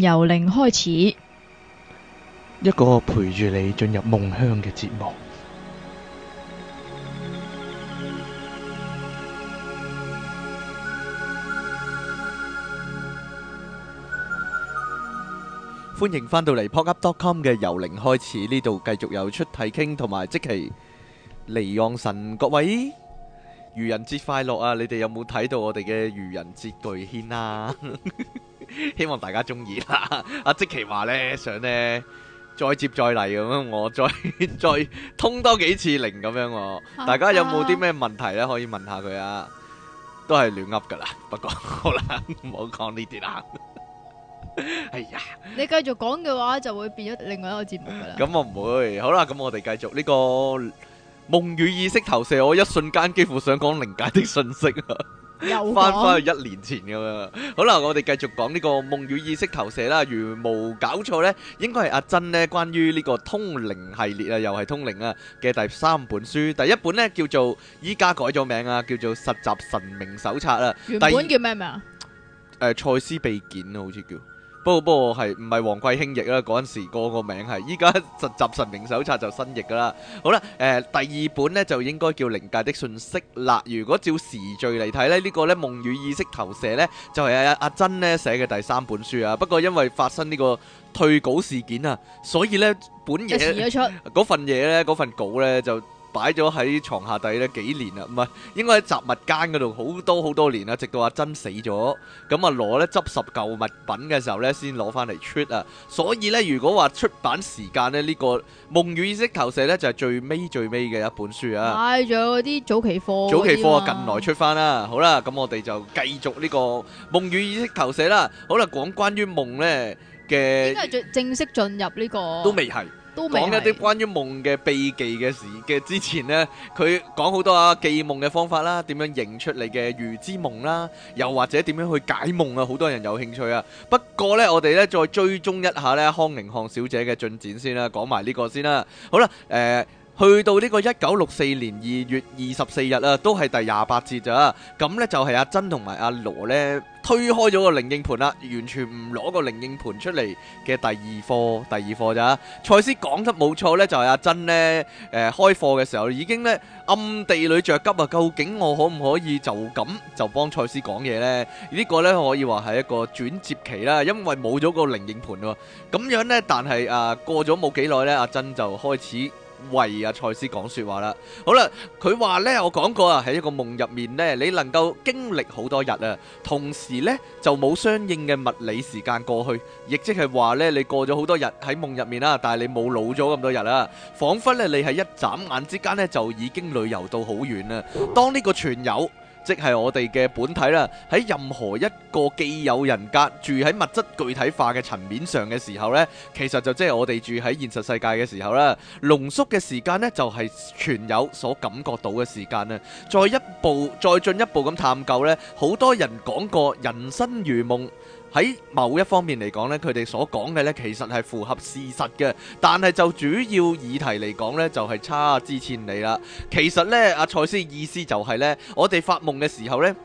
由零開始，一個陪住你進入夢鄉嘅節目。歡迎返到嚟 PodUp.com 嘅由零開始呢度，繼續有出題傾同埋即期離岸神，各位愚人節快樂啊！你哋有冇睇到我哋嘅愚人節巨獻啊？希望大家中意啦！阿即其話咧，想咧再接再厲咁樣，我再再通多幾次靈咁樣。我大家有冇啲咩問題咧？可以問下佢啊！都係亂噏噶啦，不過好啦，唔好講呢啲啦。哎呀，你繼續講嘅話，就會變咗另外一個節目噶啦。咁我唔會，好啦，咁我哋繼續呢個夢與意識投射。我一瞬間幾乎想講靈界的信息啊！翻翻去一年前咁啊！ 好啦，我哋繼續講呢、這個夢與意識投射啦。如無搞錯呢，應該係阿珍呢關於呢個通靈系列啊，又係通靈啊嘅第三本書。第一本呢叫做依家改咗名啊，叫做《實習神明手冊》啊。原本第叫咩名啊？誒、呃，賽斯秘件啊，好似叫。不過是不過係唔係黃桂興譯啦？嗰陣時個個名係，依家實習神明手冊就新譯噶啦。好啦，誒、呃、第二本呢，就應該叫靈界的信息啦。如果照時序嚟睇呢，這個、呢個咧夢與意識投射呢，就係阿阿珍呢寫嘅第三本書啊。不過因為發生呢個退稿事件啊，所以呢本嘢嗰份嘢呢，嗰份，份，份稿呢，就。擺咗喺床下底咧幾年啦，唔係應該喺雜物間嗰度好多好多年啦，直到阿真死咗，咁啊攞咧執拾舊物品嘅時候咧先攞翻嚟出啊，所以咧如果話出版時間咧呢個《夢與意識投射》咧就係最尾最尾嘅一本書啊，仲有啲早期貨，早期貨近來出翻啦，好啦，咁我哋就繼續呢個《夢與意識投射》啦，好啦，講關於夢咧嘅，應該係最正式進入呢個都未係。講一啲關於夢嘅秘技嘅事嘅之前呢，佢講好多啊記夢嘅方法啦，點樣認出嚟嘅預知夢啦，又或者點樣去解夢啊，好多人有興趣啊。不過呢，我哋呢再追蹤一下呢康寧漢小姐嘅進展先啦，講埋呢個先啦。好啦，誒、呃。去到呢個一九六四年二月二十四日啊，都係第廿八節咋？咁呢就係阿珍同埋阿羅呢推開咗個靈應盤啦，完全唔攞個靈應盤出嚟嘅第二課第二課咋？蔡司講得冇錯呢，就係阿珍呢誒開課嘅時候已經呢暗地裏着急啊！究竟我可唔可以就咁就幫蔡司講嘢呢？呢個呢可以話係一個轉接期啦，因為冇咗個靈應盤喎。咁樣呢，但係啊過咗冇幾耐呢，阿珍就開始。為阿蔡司講說話啦，好啦，佢話呢，我講過啊，喺一個夢入面呢，你能夠經歷好多日啊，同時呢，就冇相應嘅物理時間過去，亦即係話呢，你過咗好多日喺夢入面啦，但係你冇老咗咁多日啦，仿佛咧你係一眨眼之間呢，就已經旅遊到好遠啦。當呢個傳友。即係我哋嘅本體啦，喺任何一個既有人格住喺物質具體化嘅層面上嘅時候呢，其實就即係我哋住喺現實世界嘅時候啦。濃縮嘅時間呢，就係存有所感覺到嘅時間啦。再一步，再進一步咁探究呢，好多人講過，人生如夢。喺某一方面嚟講呢，佢哋所講嘅呢，其實係符合事實嘅，但係就主要議題嚟講呢，就係差之千里啦。其實呢，阿賽斯意思就係呢：「我哋發夢嘅時候呢，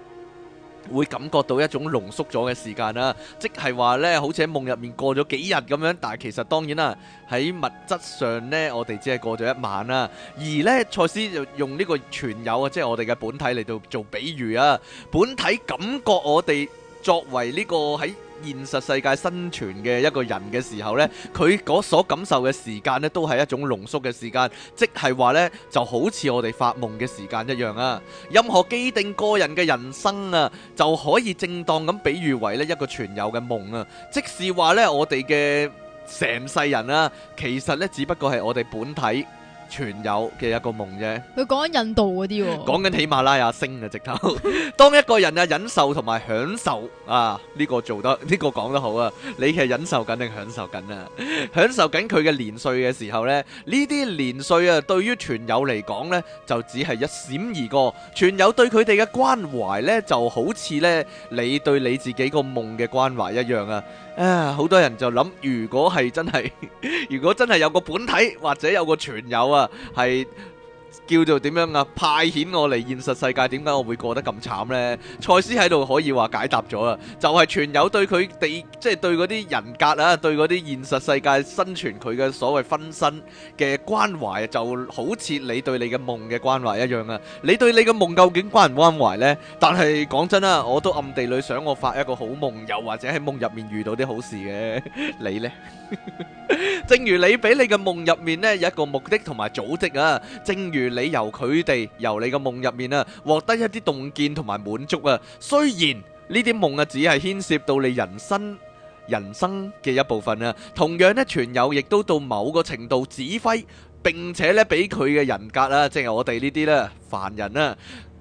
會感覺到一種濃縮咗嘅時間啦，即係話呢，好似喺夢入面過咗幾日咁樣。但係其實當然啦，喺物質上呢，我哋只係過咗一晚啦。而呢，賽斯就用呢個存有，啊，即係我哋嘅本體嚟到做比喻啊。本體感覺我哋。作為呢個喺現實世界生存嘅一個人嘅時候呢，佢所感受嘅時間咧，都係一種濃縮嘅時間，即係話呢就好似我哋發夢嘅時間一樣啊！任何既定個人嘅人生啊，就可以正當咁比喻為咧一個全有嘅夢啊！即是話呢，我哋嘅成世人啊，其實呢，只不過係我哋本體。全友嘅一個夢啫，佢講緊印度嗰啲，講緊喜馬拉雅星嘅直頭。當一個人啊忍受同埋享受啊呢個做得呢個講得好啊，你其實忍受緊定享受緊啊，享受緊佢嘅年歲嘅時候咧，呢啲年歲啊對於全友嚟講咧就只係一閃而過，全友對佢哋嘅關懷咧就好似咧你對你自己個夢嘅關懷一樣啊。啊！好多人就諗，如果係真係，如果真係有個本體或者有個存有啊，係。叫做點樣啊？派遣我嚟現實世界，點解我會過得咁慘呢？賽斯喺度可以話解答咗啦，就係全友對佢哋，即係對嗰啲人格啊，對嗰啲現實世界生存佢嘅所謂分身嘅關懷，就好似你對你嘅夢嘅關懷一樣啊！你對你嘅夢究竟關唔關懷呢？但係講真啊，我都暗地裏想我發一個好夢，又或者喺夢入面遇到啲好事嘅， 你呢？ 正如你俾你嘅夢入面咧有一個目的同埋組織啊，正如你由佢哋由你嘅夢入面啊獲得一啲洞見同埋滿足啊，雖然呢啲夢啊只係牽涉到你人生人生嘅一部分啊。同樣呢，全友亦都到某個程度指揮，並且、啊、呢，俾佢嘅人格啦，即係我哋呢啲啦凡人啊。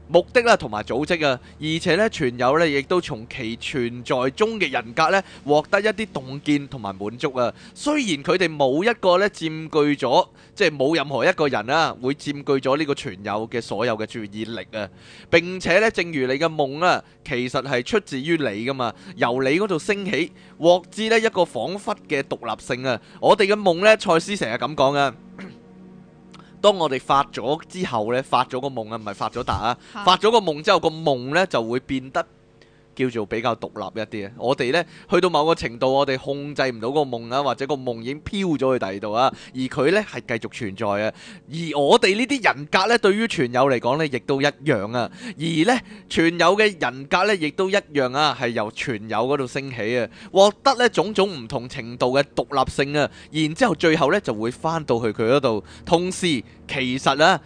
目的啦，同埋組織啊，而且咧，全友咧，亦都從其存在中嘅人格咧，獲得一啲洞見同埋滿足啊。雖然佢哋冇一個咧佔據咗，即係冇任何一個人啦，會佔據咗呢個全友嘅所有嘅注意力啊。並且咧，正如你嘅夢啊，其實係出自於你噶嘛，由你嗰度升起，獲知咧一個彷彿嘅獨立性啊。我哋嘅夢咧，賽斯成日咁講嘅。當我哋發咗之後呢，發咗個夢啊，唔係發咗達啊，發咗個夢之後，個夢呢就會變得。叫做比較獨立一啲啊！我哋呢去到某個程度，我哋控制唔到個夢啊，或者個夢已經飄咗去第二度啊，而佢呢係繼續存在啊。而我哋呢啲人格呢，對於存有嚟講呢，亦都一樣啊。而呢存有嘅人格呢，亦都一樣啊，係由存有嗰度升起啊，獲得呢種種唔同程度嘅獨立性啊，然之後最後呢，就會翻到去佢嗰度。同時，其實咧。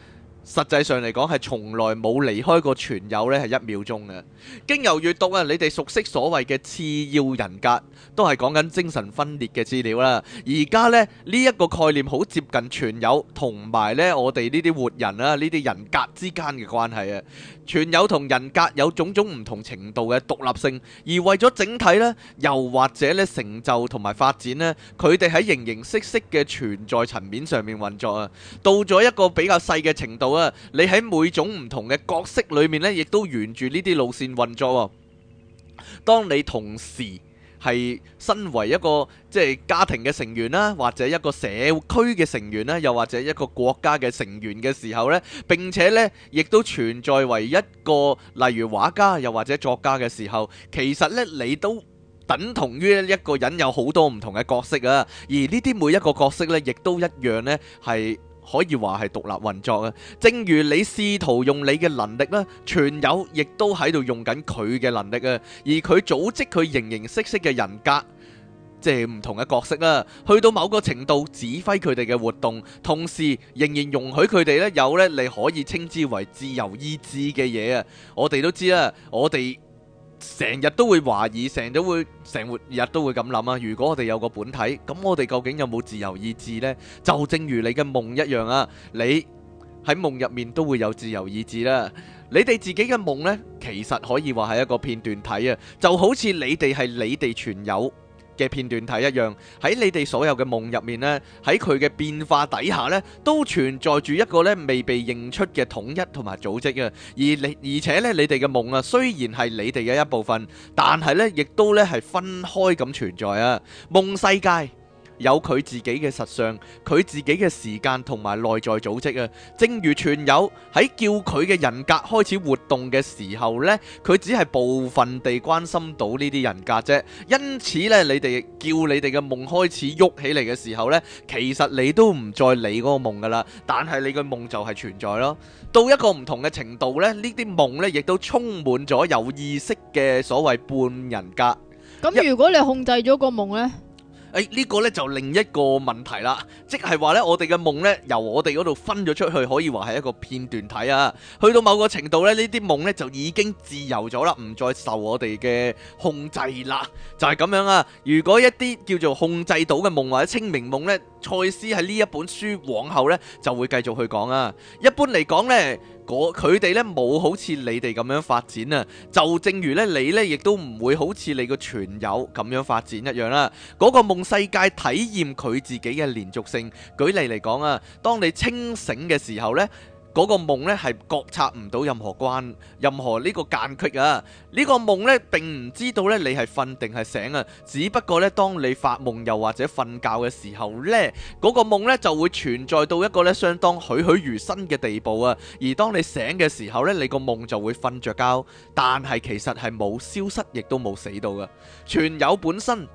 實際上嚟講係從來冇離開過全有咧，係一秒鐘嘅。經由閱讀啊，你哋熟悉所謂嘅次要人格，都係講緊精神分裂嘅資料啦。而家咧呢一個概念好接近全有同埋咧我哋呢啲活人啊，呢啲人格之間嘅關係啊。全有同人格有種種唔同程度嘅獨立性，而為咗整體咧，又或者咧成就同埋發展咧，佢哋喺形形色色嘅存在層面上面運作啊。到咗一個比較細嘅程度咧。你喺每種唔同嘅角色裏面咧，亦都沿住呢啲路線運作喎。當你同時係身為一個即係家庭嘅成員啦，或者一個社區嘅成員啦，又或者一個國家嘅成員嘅時候咧，並且咧亦都存在為一個例如畫家又或者作家嘅時候，其實咧你都等同於一個人有好多唔同嘅角色啊。而呢啲每一個角色咧，亦都一樣咧係。可以話係獨立運作啊！正如你試圖用你嘅能力咧，全友亦都喺度用緊佢嘅能力啊！而佢組織佢形形色色嘅人格，即係唔同嘅角色啊！去到某個程度，指揮佢哋嘅活動，同時仍然容許佢哋咧有咧你可以稱之為自由意志嘅嘢啊！我哋都知啦，我哋。成日都會懷疑，成日都會，成活日都會咁諗啊！如果我哋有個本體，咁我哋究竟有冇自由意志呢？就正如你嘅夢一樣啊！你喺夢入面都會有自由意志啦。你哋自己嘅夢呢，其實可以話係一個片段體啊，就好似你哋係你哋全有。嘅片段睇一樣，喺你哋所有嘅夢入面咧，喺佢嘅變化底下咧，都存在住一個咧未被認出嘅統一同埋組織啊！而你而且咧，你哋嘅夢啊，雖然係你哋嘅一部分，但係咧，亦都咧係分開咁存在啊！夢世界，有佢自己嘅實相，佢自己嘅時間同埋內在組織啊。正如全有喺叫佢嘅人格開始活動嘅時候呢，佢只係部分地關心到呢啲人格啫。因此呢，你哋叫你哋嘅夢開始喐起嚟嘅時候呢，其實你都唔再理嗰個夢噶啦。但係你嘅夢就係存在咯。到一個唔同嘅程度呢，呢啲夢呢亦都充滿咗有意識嘅所謂半人格。咁如果你控制咗個夢呢？呢，哎，呢個呢，就另一個問題啦，即係話呢，我哋嘅夢呢，由我哋嗰度分咗出去，可以話係一個片段體啊。去到某個程度呢，呢啲夢呢，就已經自由咗啦，唔再受我哋嘅控制啦。就係、是、咁樣啊。如果一啲叫做控制到嘅夢或者清明夢呢，賽斯喺呢一本書往後呢，就會繼續去講啊。一般嚟講呢。佢哋咧冇好似你哋咁樣發展啊，就正如咧你呢亦都唔會好似你個全友咁樣發展一樣啦。嗰個夢世界體驗佢自己嘅連續性。舉例嚟講啊，當你清醒嘅時候呢。嗰個夢咧係覺察唔到任何關，任何呢個間隙啊。呢個、夢呢個夢咧，並唔知道咧你係瞓定係醒啊。只不過咧，當你發夢又或者瞓覺嘅時候咧，嗰、嗰個夢咧就會存在到一個咧相當栩栩如生嘅地步啊。而當你醒嘅時候咧，你個夢就會瞓着覺，但係其實係冇消失，亦都冇死到嘅，全有本身。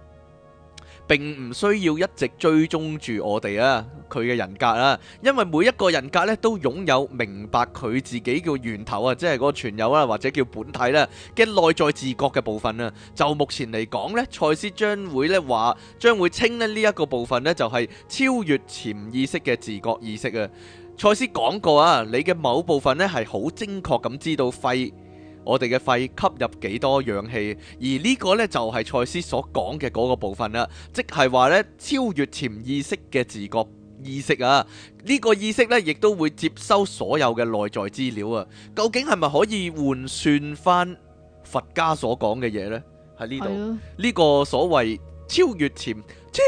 並唔需要一直追蹤住我哋啊，佢嘅人格啊，因為每一個人格咧都擁有明白佢自己嘅源頭啊，即係嗰個全有啊，或者叫本體啦嘅內在自覺嘅部分啊。就目前嚟講呢，賽斯將會咧話將會稱咧呢一個部分呢，就係超越潛意識嘅自覺意識啊。賽斯講過啊，你嘅某部分呢係好精確咁知道廢。我哋嘅肺吸入幾多氧氣，而呢個呢，就係、是、賽斯所講嘅嗰個部分啦，即係話呢超越潛意識嘅自覺意識啊。呢、這個意識呢，亦都會接收所有嘅內在資料啊。究竟係咪可以換算翻佛家所講嘅嘢呢？喺呢度呢個所謂超越潛超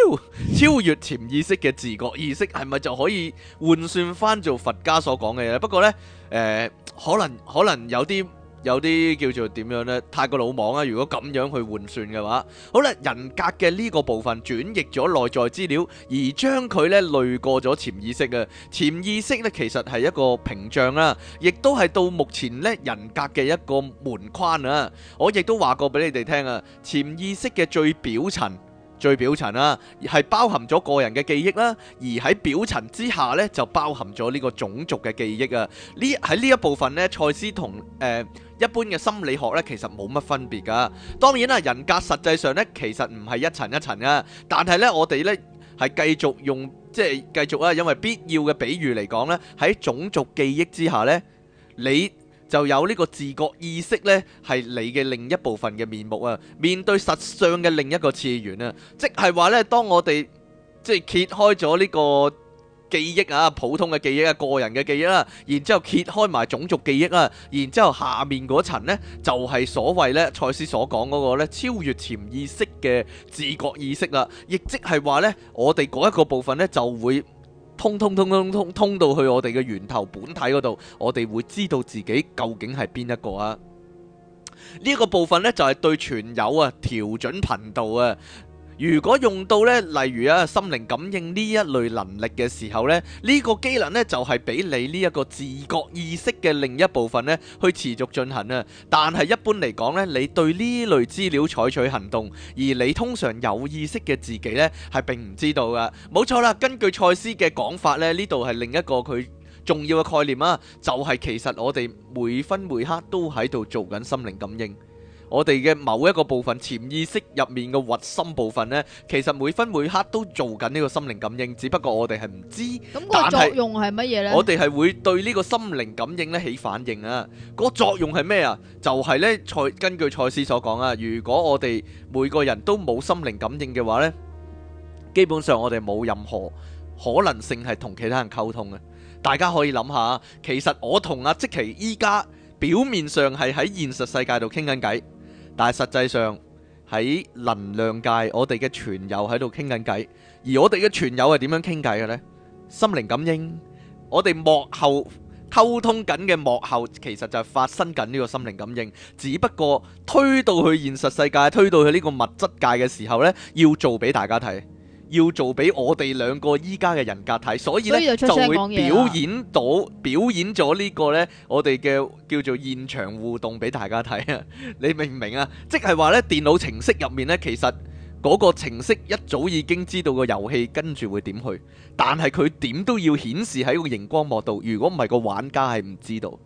超越潛意識嘅自覺意識係咪就可以換算翻做佛家所講嘅嘢？不過呢，誒、呃、可能可能有啲。有啲叫做點樣呢？太過魯莽啊！如果咁樣去換算嘅話，好啦，人格嘅呢個部分轉譯咗內在資料，而將佢呢累過咗潛意識啊。潛意識呢，其實係一個屏障啦、啊，亦都係到目前呢，人格嘅一個門框啊。我亦都話過俾你哋聽啊，潛意識嘅最表層。最表層啦、啊，係包含咗個人嘅記憶啦、啊，而喺表層之下呢，就包含咗呢個種族嘅記憶啊。呢喺呢一部分呢，賽斯同誒、呃、一般嘅心理學呢，其實冇乜分別噶。當然啦、啊，人格實際上呢，其實唔係一層一層啊。但係呢，我哋呢係繼續用即係繼續啊，因為必要嘅比喻嚟講呢，喺種族記憶之下呢。你。又有呢個自覺意識呢，係你嘅另一部分嘅面目啊！面對實相嘅另一個次元啊，即係話呢，當我哋即係揭開咗呢個記憶啊，普通嘅記，記憶啊，個人嘅記憶啦，然之後揭開埋種族記憶啊，然之後下面嗰層呢，就係、是、所謂呢，賽斯所講嗰個呢超越潛意識嘅自覺意識啦、啊，亦即係話呢，我哋嗰一個部分呢，就會。通通通通通通到去我哋嘅源頭本體嗰度，我哋會知道自己究竟係邊一個啊！呢、這個部分呢，就係、是、對全友啊調準頻道啊！如果用到例如心靈感應這一類能力的時候，這個機能就是畀你這個自覺意識的另一部分去持續進行，但是一般來講，你對這類資料採取行動，而你通常有意識的自己是並唔知道㗎。沒錯，根據賽斯的講法，這裏是另一個佢重要的概念，就是其實我們每分每刻都在這裏做緊心靈感應。我哋嘅某一個部分、潛意識入面嘅核心部分呢，其實每分每刻都做緊呢個心靈感應，只不過我哋係唔知。咁但 是作用係乜嘢咧？我哋係會對呢個心靈感應咧起反應啊！嗰個、作用係咩啊？就係、是、呢。蔡根據蔡司所講啊，如果我哋每個人都冇心靈感應嘅話呢，基本上我哋冇任何可能性係同其他人溝通嘅。大家可以諗下，其實我同阿即奇依家表面上係喺現實世界度傾緊偈。但係實際上喺能量界，我哋嘅全友喺度傾緊偈，而我哋嘅全友係點樣傾偈嘅呢？心靈感應，我哋幕後溝通緊嘅幕後，其實就係發生緊呢個心靈感應，只不過推到去現實世界，推到去呢個物質界嘅時候呢，要做俾大家睇。要做俾我哋兩個依家嘅人格睇，所以呢，所以就會表演到表演咗呢個呢，我哋嘅叫做現場互動俾大家睇啊！ 你明唔明啊？即係話呢，電腦程式入面呢，其實嗰個程式一早已經知道個遊戲跟住會點去，但係佢點都要顯示喺個熒光幕度，如果唔係個玩家係唔知道。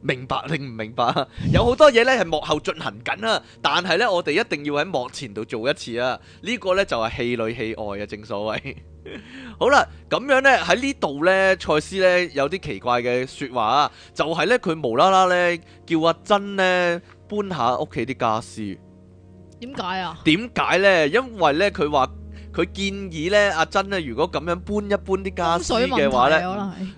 明白，明白，你唔明白？有好多嘢咧係幕後進行緊啊，但係咧我哋一定要喺幕前度做一次啊！這個、呢個咧就係、是、戲裏戲外嘅、啊、正所謂。 好啦，咁樣咧喺呢度咧，賽斯咧有啲奇怪嘅說話啊，就係咧佢無啦啦咧叫阿珍咧搬下屋企啲家私。點解啊？點解咧？因為咧佢話佢建議咧阿珍咧如果咁樣搬一搬啲家私嘅話咧，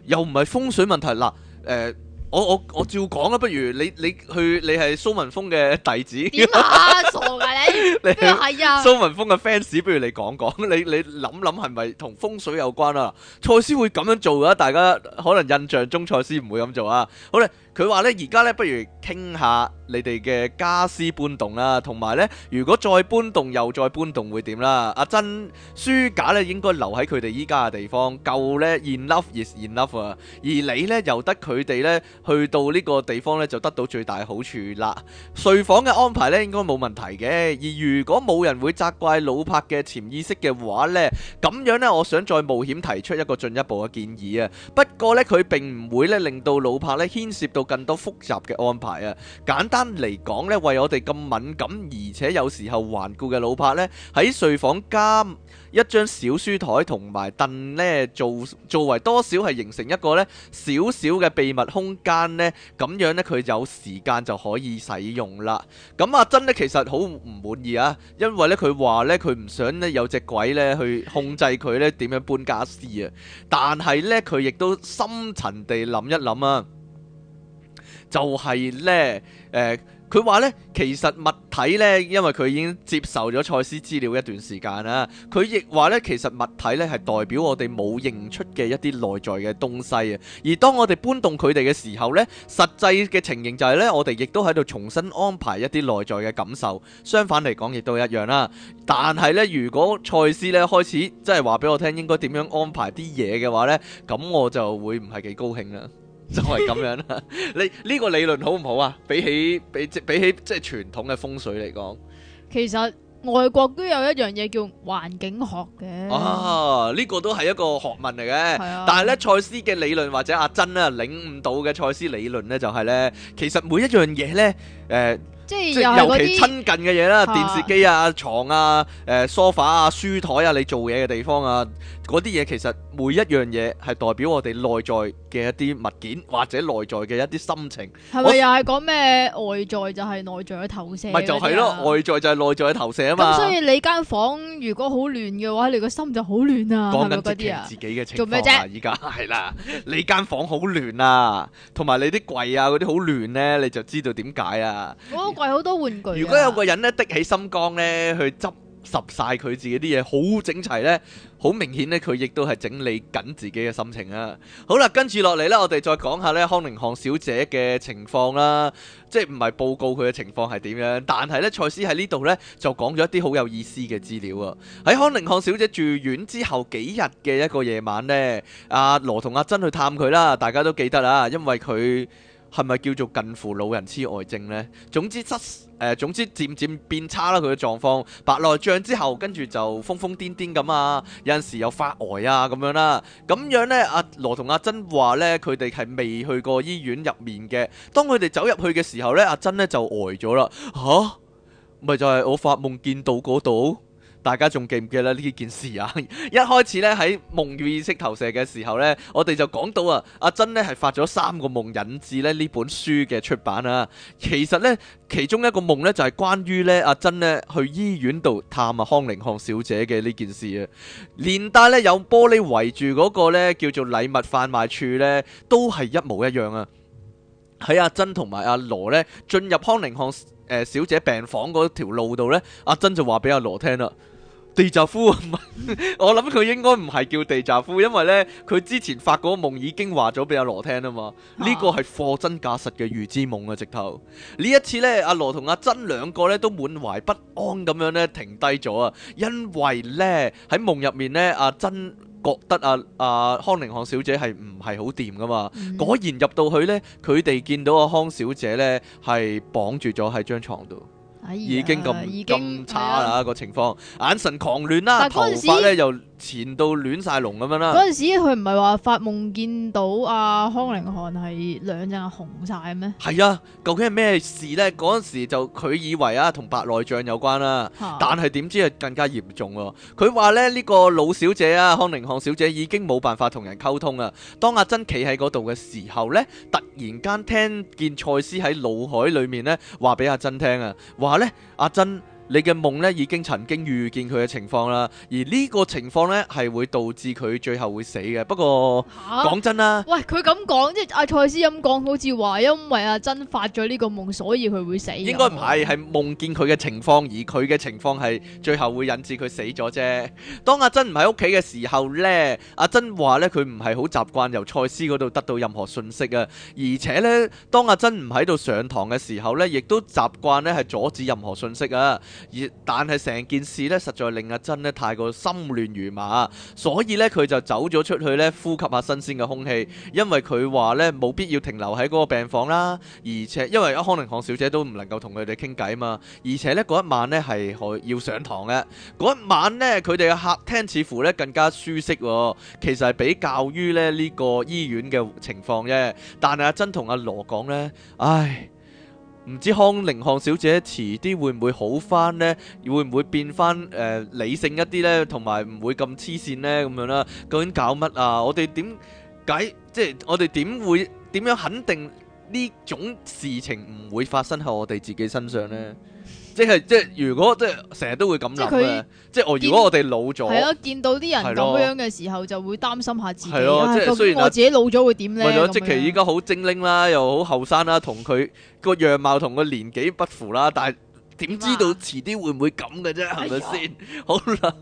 又唔係風水問題嗱誒。我我我照講啦，不如你你去你係蘇文峰嘅弟子點啊傻噶 你你係啊蘇文峰嘅 fans，不如你講講，你你諗諗係咪同風水有關啊？蔡師會咁樣做噶，大家可能印象中蔡師唔會咁做啊。好咧。佢話咧，而家咧，不如傾下你哋嘅家私搬動啦，同埋咧，如果再搬動又再搬動會點啦？阿珍書架咧應該留喺佢哋依家嘅地方，夠咧 enough is enough 啊，而你咧由得佢哋咧去到呢個地方咧就得到最大好處啦。睡房嘅安排咧應該冇問題嘅，而如果冇人會責怪老柏嘅潛意識嘅話咧，咁樣咧我想再冒險提出一個進一步嘅建議啊。不過咧佢並唔會咧令到老柏咧牽涉到。有更多複雜嘅安排啊！簡單嚟講呢，為我哋咁敏感而且有時候頑固嘅老柏呢，喺睡房加一張小書台同埋凳呢，做作為多少係形成一個呢少少嘅秘密空間呢。咁樣呢，佢有時間就可以使用啦。咁阿、啊、真呢其實好唔滿意啊，因為呢，佢話呢，佢唔想呢，有隻鬼呢去控制佢呢點樣搬家私啊。但係呢，佢亦都深沉地諗一諗啊。就係呢，誒、呃，佢話呢，其實物體呢，因為佢已經接受咗賽斯資料一段時間啦。佢亦話呢，其實物體呢係代表我哋冇認出嘅一啲內在嘅東西啊。而當我哋搬動佢哋嘅時候呢，實際嘅情形就係呢，我哋亦都喺度重新安排一啲內在嘅感受。相反嚟講，亦都一樣啦。但係呢，如果賽斯呢開始即係話俾我聽應該點樣安排啲嘢嘅話呢，咁我就會唔係幾高興啦。就係咁樣啦，你呢 個理論好唔好啊？比起比即比起即係傳統嘅風水嚟講，其實外國都有一樣嘢，叫環境學嘅。哦、啊、呢、這個都係一個學問嚟嘅。 但係呢，蔡司嘅理論或者阿珍咧領悟到嘅蔡司理論呢，就係、是、呢。其實每一樣嘢呢。誒、呃。即係尤其親近嘅嘢啦，電視機啊、牀啊、誒梳化啊、書枱啊，你做嘢嘅地方啊，嗰啲嘢其實每一樣嘢係代表我哋內在嘅一啲物件，或者內在嘅一啲心情。係咪又係講咩外在就係內在嘅投射？咪就係咯，外在就係內在嘅投射啊嘛。咁所以你間房如果好亂嘅話，你個心就好亂啊。講緊直情自己嘅情況。做咩啫？而家係啦，你間房好亂啊，同埋你啲櫃啊嗰啲好亂咧，你就知道點解啊。好多玩具。如果有個人呢，的起心肝呢，去執拾晒佢自己啲嘢，好整齊呢，好明顯呢，佢亦都係整理緊自己嘅心情啊！好啦，跟住落嚟呢，我哋再講下呢康寧漢小姐嘅情況啦，即係唔係報告佢嘅情況係點樣？但係呢，賽斯喺呢度呢，就講咗一啲好有意思嘅資料啊！喺康寧漢小姐住院之後幾日嘅一個夜晚呢，阿羅同阿珍去探佢啦，大家都記得啊，因為佢。係咪叫做近乎老人痴呆症呢？總之，質、呃、誒，總之漸漸變差啦，佢嘅狀況，白內障之後跟住就瘋瘋癲癲咁啊！有陣時又發呆啊咁樣啦，啊，咁樣呢，阿羅同阿珍話呢，佢哋係未去過醫院入面嘅。當佢哋走入去嘅時候呢，阿珍呢就呆咗啦吓？咪、啊、就係我發夢見到嗰度。大家仲記唔記得呢件事啊？ 一開始呢，喺夢與意識投射嘅時候呢，我哋就講到啊，阿珍呢，係發咗三個夢引致咧呢本書嘅出版啊。其實呢，其中一個夢呢，就係關於呢阿珍呢，去醫院度探阿康寧漢小姐嘅呢件事啊。連帶呢，有玻璃圍住嗰個呢，叫做禮物販賣處呢，都係一模一樣啊。喺阿珍同埋阿羅呢，進入康寧漢誒小姐病房嗰條路度呢，阿珍就話俾阿羅聽啦。地澤夫，我諗佢應該唔係叫地澤夫，因為呢，佢之前發嗰個夢已經話咗俾阿羅聽啊嘛，呢個係貨真價實嘅預知夢啊，直頭呢一次呢，阿羅同阿珍兩個呢都滿懷不安咁樣呢停低咗啊。因為呢，喺夢入面呢，阿珍覺得阿阿康寧漢小姐係唔係好掂噶嘛，嗯、果然入到去呢，佢哋見到阿康小姐呢係綁住咗喺張床度。已經咁咁經差啦，個情況，眼神狂亂啦、啊，頭髮咧又，前到亂晒龍咁樣啦，嗰陣時佢唔係話發夢見到阿、啊、康寧漢係兩隻眼紅晒咩？係啊，究竟係咩事呢？嗰陣時就佢以為啊，同白內障有關啦、啊，但係點知係更加嚴重喎、啊。佢話咧呢、呢個老小姐啊，康寧漢小姐已經冇辦法同人溝通啊。當阿珍企喺嗰度嘅時候呢，突然間聽見賽斯喺腦海裡面呢，話俾阿珍聽啊，話呢阿珍。你嘅夢咧已經曾經預見佢嘅情況啦，而呢個情況呢係會導致佢最後會死嘅。不過講、啊、真啦，喂佢咁講，即係阿賽斯咁講，好似話因為阿珍發咗呢個夢，所以佢會死。應該唔係，係夢見佢嘅情況，而佢嘅情況係最後會引致佢死咗啫。當阿珍唔喺屋企嘅時候呢，阿珍話呢，佢唔係好習慣由賽斯嗰度得到任何信息啊。而且呢，當阿珍唔喺度上堂嘅時候呢，亦都習慣呢係阻止任何信息啊。而但係成件事呢，實在令阿珍呢太過心亂如麻，所以呢，佢就走咗出去呢，呼吸下新鮮嘅空氣。因為佢話呢冇必要停留喺嗰個病房啦，而且因為阿康寧漢小姐都唔能夠同佢哋傾偈嘛，而且呢，嗰一晚呢係要上堂嘅嗰一晚呢，佢哋嘅客廳似乎呢更加舒適，其實係比較於咧呢個醫院嘅情況啫。但係阿珍同阿羅講呢，唉。唔知康寧漢小姐遲啲會唔會好翻呢？會唔會變翻誒、呃、理性一啲呢？同埋唔會咁黐線呢？咁樣啦？究竟搞乜啊？我哋點解即係我哋點會點樣肯定呢種事情唔會發生喺我哋自己身上呢？即係即係，如果即係成日都會咁諗咧，即係我如果我哋老咗，係咯，見到啲人咁樣嘅時候，就會擔心下自己。係咯，即係雖然、啊、我自己老咗會點咧？為咗、啊、這樣 即其依家好精靈啦，又好後生啦，同佢個樣貌同個年紀不符啦，但係點知道遲啲會唔會咁嘅啫？係咪先？好啦，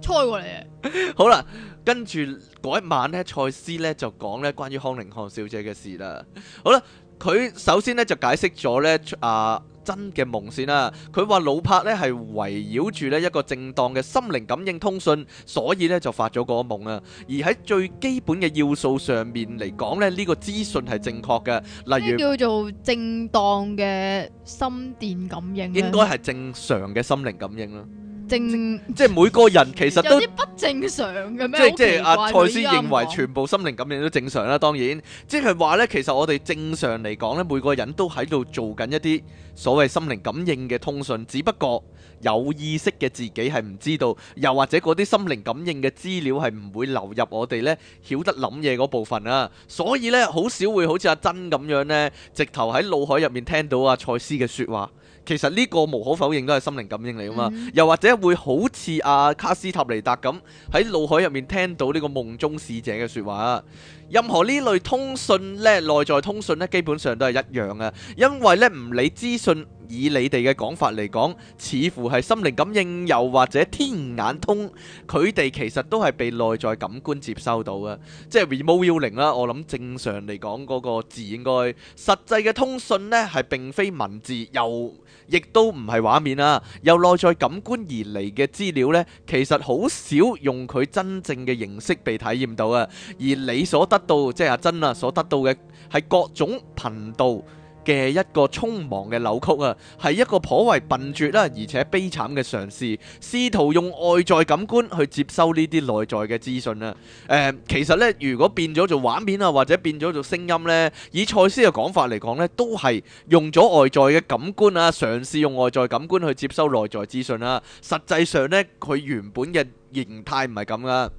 猜過嚟嘅。 好啦，跟住嗰一晚咧，蔡司咧就講咧關於康寧漢小姐嘅事啦。好啦，佢首先咧就解釋咗咧啊。真嘅夢先啦、啊，佢話老柏咧係圍繞住咧一個正當嘅心靈感應通訊，所以咧就發咗個夢啊。而喺最基本嘅要素上面嚟講咧，呢、呢個資訊係正確嘅。例如叫做正當嘅心電感應，應該係正常嘅心靈感應啦。正即係每個人其實都有啲不正常嘅咩？即係阿奇、啊、蔡司認為全部心靈感應都正常啦，當然即係話呢，其實我哋正常嚟講呢，每個人都喺度做緊一啲所謂心靈感應嘅通訊，只不過有意識嘅自己係唔知道，又或者嗰啲心靈感應嘅資料係唔會流入我哋呢曉得諗嘢嗰部分啊，所以呢，好少會好似阿珍咁樣呢，直頭喺腦海入面聽到阿、啊、蔡司嘅說話。其實呢個無可否認都係心靈感應嚟啊嘛，mm hmm. 又或者會好似阿、啊、卡斯塔尼達咁喺腦海入面聽到呢個夢中使者嘅説話。任何呢類通訊咧，內在通訊咧，基本上都係一樣嘅，因為咧唔理資訊，以你哋嘅講法嚟講，似乎係心靈感應又或者天眼通，佢哋其實都係被內在感官接收到嘅，即係 remote viewing 啦。我諗正常嚟講嗰個字應該，實際嘅通訊咧係並非文字又。亦都唔係畫面啦，由內在感官而嚟嘅資料呢，其實好少用佢真正嘅形式被體驗到啊！而你所得到，即係阿珍啊，所得到嘅係各種頻道嘅一個匆忙嘅扭曲啊，係一個頗為笨拙啦、啊，而且悲慘嘅嘗試，試圖用外在感官去接收呢啲內在嘅資訊啊。誒、呃，其實呢，如果變咗做畫面啊，或者變咗做聲音呢，以賽斯嘅講法嚟講呢，都係用咗外在嘅感官啊，嘗試用外在感官去接收內在資訊啊。實際上呢，佢原本嘅形態唔係咁啦。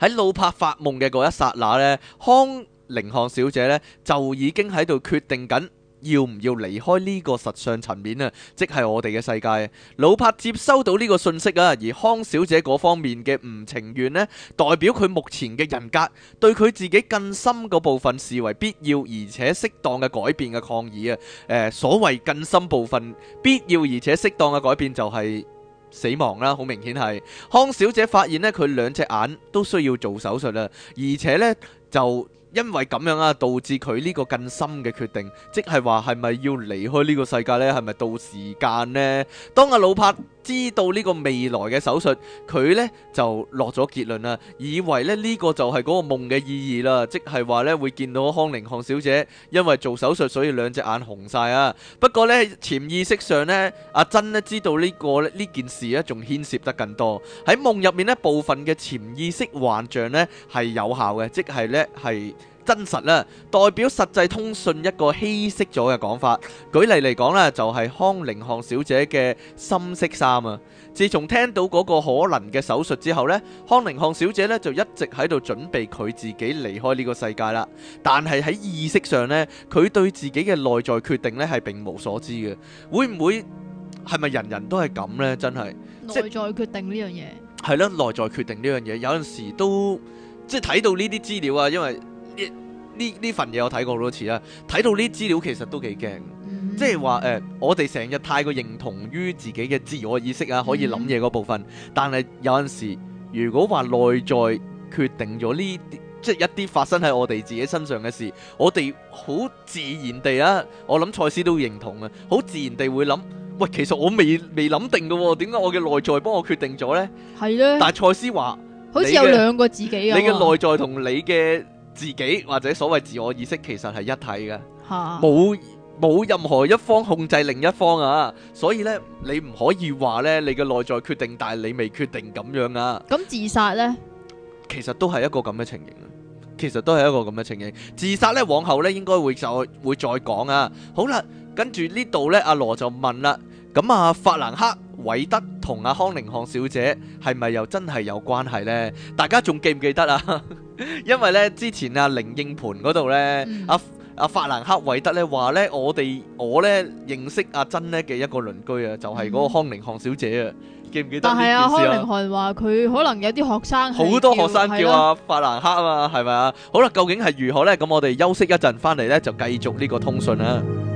喺老帕發夢嘅嗰一刹那呢。康。凌康小姐呢，就已經喺度決定緊要唔要離開呢個實相層面啊，即係我哋嘅世界。老柏接收到呢個信息啊，而康小姐嗰方面嘅唔情願呢，代表佢目前嘅人格對佢自己更深嗰部分視為必要而且適當嘅改變嘅抗議啊。誒、呃，所謂更深部分必要而且適當嘅改變就係死亡啦，好明顯係康小姐發現呢，佢兩隻眼都需要做手術啦，而且呢就。因為咁樣啊，導致佢呢個更深嘅決定，即係話係咪要離開呢個世界呢？係咪到時間呢？當阿老柏。知道呢個未來嘅手術，佢呢就落咗結論啦，以為呢呢個就係嗰個夢嘅意義啦，即係話呢會見到康寧漢小姐，因為做手術所以兩隻眼紅晒啊。不過呢，潛意識上呢，阿珍呢知道呢個呢件事呢仲牽涉得更多，喺夢入面呢部分嘅潛意識幻象呢係有效嘅，即係呢係真實啦，代表實際通訊一個稀釋咗嘅講法。舉例嚟講咧，就係康寧漢小姐嘅深色衫啊！自從聽到嗰個可能嘅手術之後咧，康寧漢小姐咧就一直喺度準備佢自己離開呢個世界啦。但係喺意識上咧，佢對自己嘅內在決定咧係並無所知嘅。會唔會係咪人人都係咁咧？真係內在決定呢樣嘢係咯，內在決定呢樣嘢有陣時都即係睇到呢啲資料啊，因為。呢呢份嘢我睇過好多次啦，睇到呢資料其實都幾驚，嗯、即係話誒，我哋成日太過認同於自己嘅自我意識啊，嗯、可以諗嘢嗰部分，但係有陣時如果話內在決定咗呢啲，即係一啲發生喺我哋自己身上嘅事，我哋好自然地啊，我諗蔡司都認同嘅，好自然地會諗，喂，其實我未未諗定㗎，點解我嘅內在幫我決定咗呢？呢」係咧，但係蔡司話，好似有兩個自己啊的，哇 你嘅內在同你嘅。自己或者所謂自我意識其實係一體嘅，冇冇哈任何一方控制另一方啊！所以呢，你唔可以話呢，你嘅內在決定，但係你未決定咁樣啊！咁、嗯、自殺呢其，其實都係一個咁嘅情形啦。其實都係一個咁嘅情形。自殺呢，往後呢應該會，會再會再講啊！好啦，跟住呢度呢，阿羅就問啦。咁啊，法蘭克韋德同阿、啊、康寧漢小姐係咪又真係有關係呢？大家仲記唔記得啊？ 因為呢，之前阿、啊、靈應盤嗰度呢，阿阿、嗯啊、法蘭克韋德呢話呢，我哋我呢認識阿珍呢嘅一個鄰居啊，就係嗰個康寧漢小姐啊，記唔記得呢件事啊？但係阿康寧漢話佢可能有啲學生好多學生叫阿、啊、對啦 法蘭克啊嘛，係咪啊？好啦，究竟係如何呢？咁我哋休息一陣，翻嚟呢，就繼續呢個通訊啦。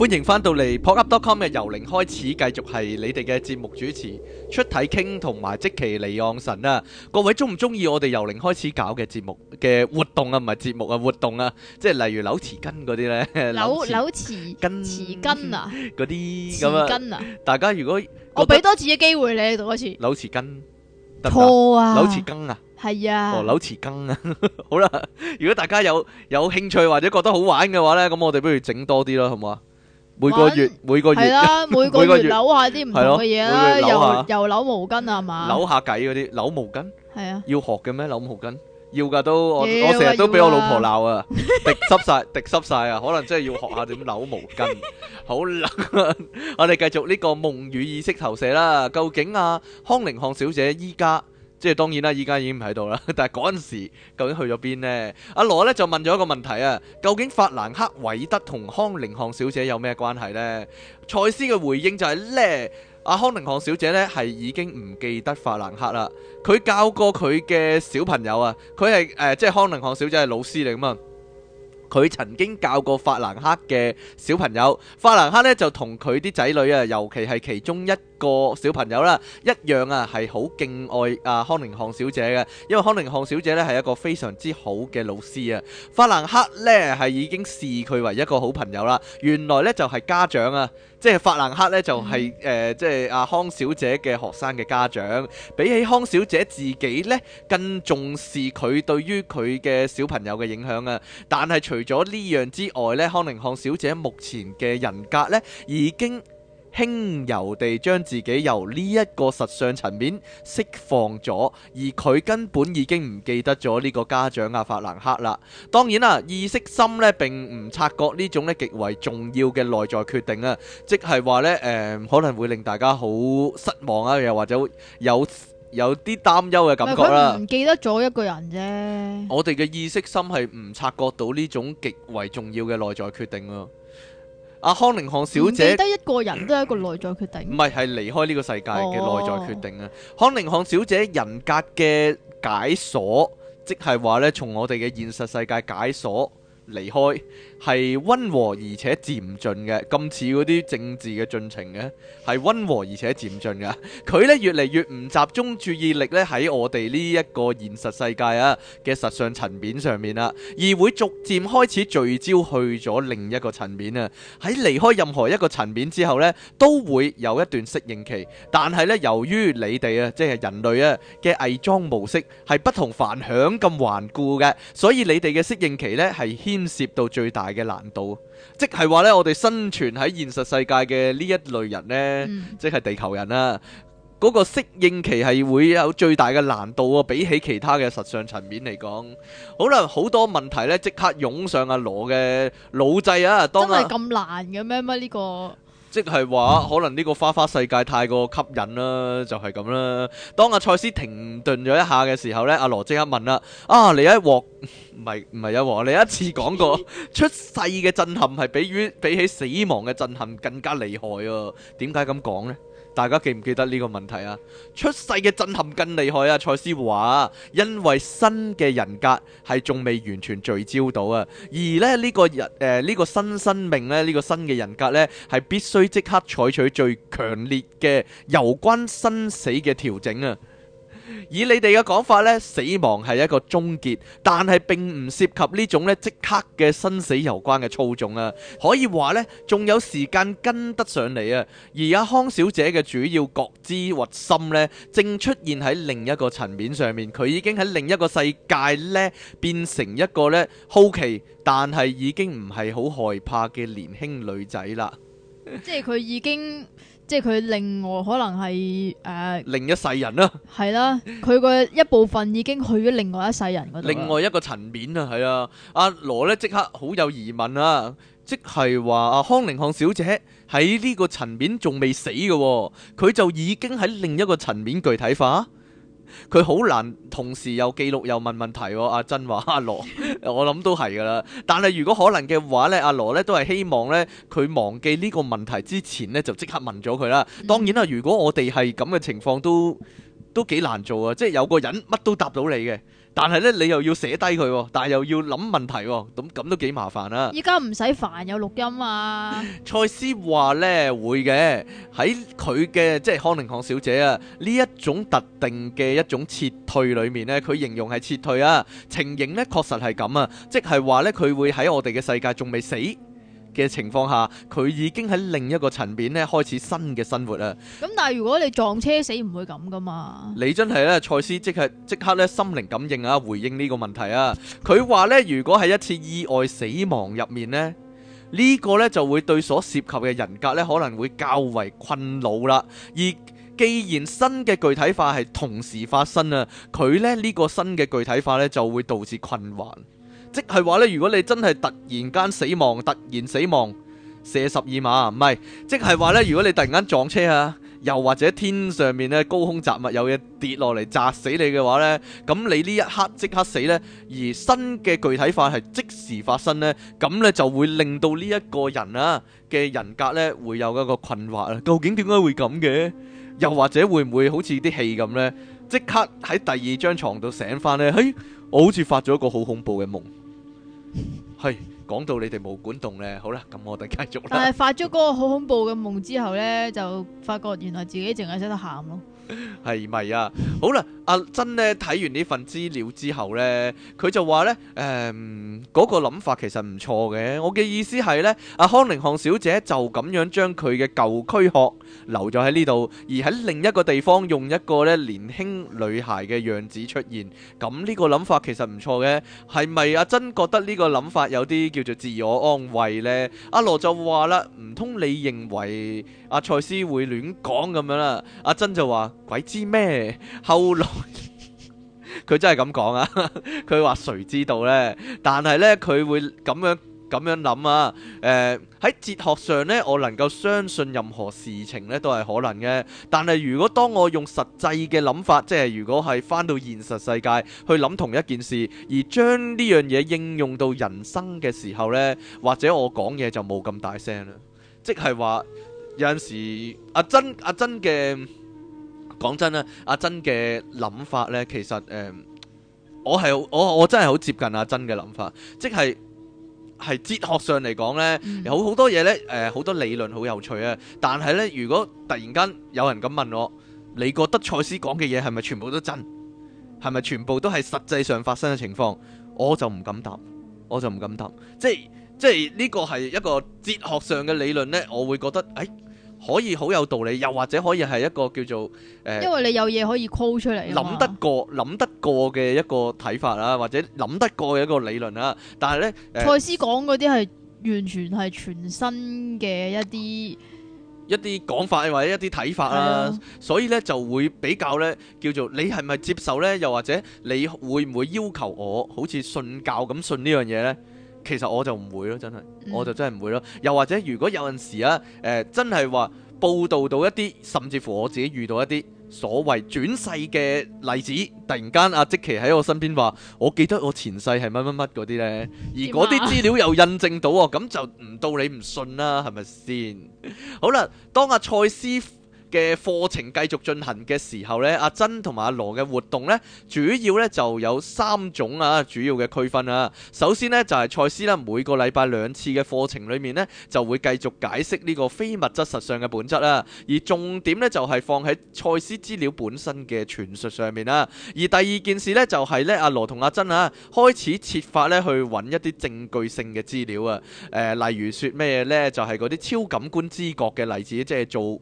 歡迎翻到嚟 PopUp.com 嘅由零開始，繼續係你哋嘅節目主持出體傾同埋即期離岸神啊。各位鍾唔鍾意我哋由零開始搞嘅節目嘅活動啊？唔係節目啊，活動啊，即係例如扭匙羹嗰啲咧。扭扭匙羹匙 些根啊！嗰啲匙羹啊！大家如果我俾多次嘅機會你做一次。扭匙羹錯啊！扭匙羹啊！係啊！哦，扭匙羹啊！ 好啦，如果大家有有興趣或者覺得好玩嘅話咧，咁我哋不如整多啲咯，好唔好啊？每個月每個月每個月扭下啲唔同嘅嘢啊，又又扭毛巾啊，係嘛？扭下計嗰啲扭毛巾，係啊，要學嘅咩？扭毛巾要噶都，我我成日都俾我老婆鬧啊，滴濕晒，滴濕晒啊！可能真係要學下點扭毛巾，好啦。我哋繼續呢個夢與意識投射啦，究竟阿康寧漢小姐依家？即係當然啦，依家已經唔喺度啦。但係嗰陣時究竟去咗邊呢？阿、啊、羅呢就問咗一個問題啊：究竟法蘭克偉德同康寧漢小姐有咩關係呢？賽斯嘅回應就係呢阿康寧漢小姐呢，係已經唔記得法蘭克啦。佢教過佢嘅小朋友啊，佢係誒即係康寧漢小姐係老師嚟㗎嘛。佢曾經教過法蘭克嘅小朋友，法蘭克呢就同佢啲仔女啊，尤其係其中一。個小朋友啦，一樣啊係好敬愛啊康寧漢小姐嘅，因為康寧漢小姐呢係一個非常之好嘅老師啊。法蘭克呢係已經視佢為一個好朋友啦。原來呢就係家長啊，即係法蘭克呢就係、是、誒、嗯呃、即係阿康小姐嘅學生嘅家長，比起康小姐自己呢，更重視佢對於佢嘅小朋友嘅影響啊。但係除咗呢樣之外呢，康寧漢小姐目前嘅人格呢已經。輕柔地將自己由呢一個實相層面釋放咗，而佢根本已經唔記得咗呢個家長阿、啊、法蘭克啦。當然啦、啊，意識心咧並唔察覺種呢種咧極為重要嘅內在決定啊，即係話咧誒可能會令大家好失望啊，又或者有有啲擔憂嘅感覺啦、啊。唔記得咗一個人啫，我哋嘅意識心係唔察覺到呢種極為重要嘅內在決定啊。阿、啊、康寧漢小姐，得一個人都係一個內在決定，唔係係離開呢個世界嘅內在決定啊！Oh. 康寧漢小姐人格嘅解鎖，即係話呢，從我哋嘅現實世界解鎖離開。係溫和而且漸進嘅，咁似嗰啲政治嘅進程嘅，係溫和而且漸進噶。佢咧越嚟越唔集中注意力咧喺我哋呢一個現實世界啊嘅實相層面上面啦，而會逐漸開始聚焦去咗另一個層面啊。喺離開任何一個層面之後咧，都會有一段適應期。但係咧，由於你哋啊，即係人類啊嘅偽裝模式係不同凡響咁頑固嘅，所以你哋嘅適應期咧係牽涉到最大嘅難度，即係話呢，我哋生存喺現實世界嘅呢一類人呢，嗯、即係地球人啦、啊，嗰、那個適應期係會有最大嘅難度啊！比起其他嘅實相層面嚟講，好啦，好多問題呢，即刻湧上阿羅嘅腦際啊！當真係咁難嘅咩？咩、這、呢個？即係話，可能呢個花花世界太過吸引啦，就係咁啦。當阿賽斯停頓咗一下嘅時候呢，阿羅即刻問啦：啊，你一獲，唔係，唔係一獲？你一次講過 出世嘅震撼係比於比起死亡嘅震撼更加厲害啊？點解咁講呢？大家記唔記得呢個問題啊？出世嘅震撼更厲害啊！蔡思華，因為新嘅人格係仲未完全聚焦到啊，而咧呢、這個人誒呢個新生命咧呢、這個新嘅人格呢，係必須即刻採取最強烈嘅有關生死嘅調整啊！以你哋嘅講法咧，死亡係一個終結，但係並唔涉及呢種咧即刻嘅生死有關嘅操縱啊！可以話咧，仲有時間跟得上嚟啊！而阿、啊、康小姐嘅主要覺知或心咧，正出現喺另一個層面上面，佢已經喺另一個世界咧，變成一個咧好奇，但係已經唔係好害怕嘅年輕女仔啦。 即係佢已經。即係佢另外可能係誒、呃、另一世人啦、啊，係啦，佢個一部分已經去咗另外一世人度，另外一個層面啊，係啊，阿羅咧即刻好有疑問啊，即係話阿康寧漢小姐喺呢個層面仲未死嘅、啊，佢就已經喺另一個層面具體化。佢好難同時又記錄又問問題喎，阿珍話阿羅，我諗都係噶啦。但係如果可能嘅話，啊、羅呢，阿羅呢都係希望呢，佢忘記呢個問題之前呢，就即刻問咗佢啦。當然啦，啊，如果我哋係咁嘅情況都都幾難做啊，即係有個人乜都答到你嘅。但係咧，你又要寫低佢，但係又要諗問題，咁咁都幾麻煩啊！依家唔使煩，有錄音啊！賽斯話咧會嘅，喺佢嘅即係康寧巷小姐啊呢一種特定嘅一種撤退裏面咧，佢形容係撤退啊，情形咧確實係咁啊，即係話咧佢會喺我哋嘅世界仲未死，嘅情況下，佢已經喺另一個層面咧開始新嘅生活啊！咁但係如果你撞車死唔會咁噶嘛？你真係咧，賽斯即係即刻咧心靈感應啊，回應呢個問題啊！佢話咧，如果喺一次意外死亡入面呢，這個、呢個咧就會對所涉及嘅人格咧可能會較為困惱啦。而既然新嘅具體化係同時發生啊，佢咧呢、這個新嘅具體化咧就會導致困擾。即係話咧，如果你真係突然間死亡，突然死亡，射十二碼，唔係，即係話咧，如果你突然間撞車啊，又或者天上面咧高空雜物有嘢跌落嚟砸死你嘅話咧，咁你呢一刻即刻死咧，而新嘅具體化係即時發生咧，咁咧就會令到呢一個人啊嘅人格咧會有一個困惑啊，究竟點解會咁嘅？又或者會唔會好似啲戲咁咧，即刻喺第二張床度醒返咧？誒，我好似發咗一個好恐怖嘅夢。係講到你哋冇管動咧，好啦，咁我哋繼續啦。但係發咗個好恐怖嘅夢之後咧，就發覺原來自己淨係識得喊咯。係咪啊？好啦，阿珍呢睇完呢份資料之後呢，佢就話呢，誒、嗯，嗰、那個諗法其實唔錯嘅。我嘅意思係呢，阿、啊、康寧漢小姐就咁樣將佢嘅舊軀殼留咗喺呢度，而喺另一個地方用一個呢年輕女孩嘅樣子出現。咁呢個諗法其實唔錯嘅。係咪阿珍覺得呢個諗法有啲叫做自我安慰呢？阿、啊、羅就話啦，唔通你認為阿、啊、賽斯會亂講咁樣啦？阿、啊、珍就話。鬼知咩？後來佢真係咁講啊！佢話「誰知道呢？」但係呢，佢會咁樣咁樣諗啊！誒、呃，喺哲學上呢，我能夠相信任何事情呢都係可能嘅。但係如果當我用實際嘅諗法，即係如果係翻到現實世界去諗同一件事，而將呢樣嘢應用到人生嘅時候呢，或者我講嘢就冇咁大聲啦。即係話有陣時阿珍阿珍嘅。啊講真啦，阿珍嘅諗法呢，其實誒、呃，我係我我真係好接近阿珍嘅諗法，即係係哲學上嚟講呢，有好多嘢呢，誒、呃、好多理論好有趣啊！但係呢，如果突然間有人咁問我，你覺得賽斯講嘅嘢係咪全部都真？係咪全部都係實際上發生嘅情況？我就唔敢答，我就唔敢答。即係即係呢個係一個哲學上嘅理論呢，我會覺得誒。可以好有道理，又或者可以係一個叫做誒，因為你有嘢可以 call 出嚟，諗得過、諗得過嘅一個睇法啦，或者諗得過嘅一個理論啦。但係呢，賽斯講嗰啲係完全係全新嘅一啲一啲講法或者一啲睇法啊，所以呢就會比較呢叫做你係咪接受呢？又或者你會唔會要求我好似信教咁信呢樣嘢呢？其實我就唔會咯，真係，我就真係唔會咯。又或者如果有陣時啊，誒、呃，真係話報道到一啲，甚至乎我自己遇到一啲所謂轉世嘅例子，突然間阿、啊、積奇喺我身邊話，我記得我前世係乜乜乜嗰啲呢，」而嗰啲資料又印證到，咁就唔到你唔信啦，係咪先？ 好啦，當阿賽斯嘅課程繼續進行嘅時候呢，阿珍同埋阿羅嘅活動呢，主要呢就有三種啊。主要嘅區分啊，首先呢，就係賽斯啦，每個禮拜兩次嘅課程裡面呢，就會繼續解釋呢個非物質實相嘅本質啦。而重點呢，就係放喺賽斯資料本身嘅傳述上面啦。而第二件事、呃、呢，就係呢阿羅同阿珍啊，開始設法呢去揾一啲證據性嘅資料啊。例如説咩呢？就係嗰啲超感官知覺嘅例子，即係做。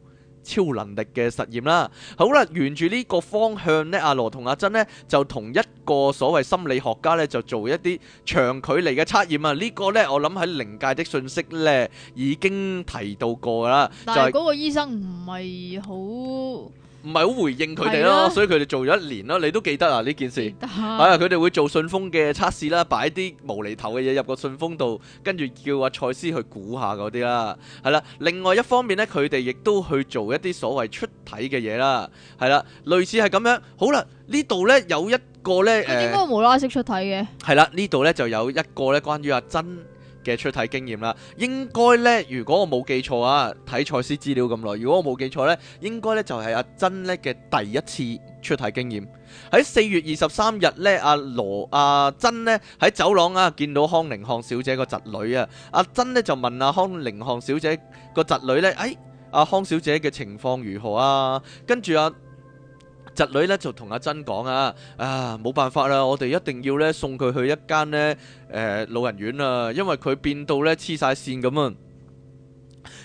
超能力嘅實驗啦，好啦，沿住呢個方向呢，阿羅同阿珍呢，就同一個所謂心理學家呢，就做一啲長距離嘅測驗啊！呢、呢個呢，我諗喺《靈界》的信息呢已經提到過啦，就係、但係嗰個醫生唔係好。唔係好回應佢哋咯，啊、所以佢哋做咗一年咯。你都記得啊呢件事，係佢哋會做信封嘅測試啦，擺啲無厘頭嘅嘢入個信封度，跟住叫阿賽斯去估下嗰啲啦。係啦、啊，另外一方面呢，佢哋亦都去做一啲所謂出體嘅嘢啦。係啦、啊，類似係咁樣。好啦，呢度呢有一個呢，誒點解我無啦啦出體嘅？係啦、啊，呢度呢就有一個呢關於阿、啊、珍。嘅出體經驗啦，應該呢，如果我冇記錯啊，睇賽斯資料咁耐，如果我冇記錯呢，應該呢就係阿珍呢嘅第一次出體經驗。喺四月二十三日呢，阿、啊、羅阿、啊、珍呢喺走廊啊見到康寧漢小姐個侄女啊，阿珍呢就問阿、啊、康寧漢小姐個侄女呢：哎「誒、啊、阿康小姐嘅情況如何啊？跟住阿、啊侄女咧就同阿珍講啊，啊冇辦法啦，我哋一定要咧送佢去一間咧誒老人院啊，因為佢變到咧黐晒線咁啊。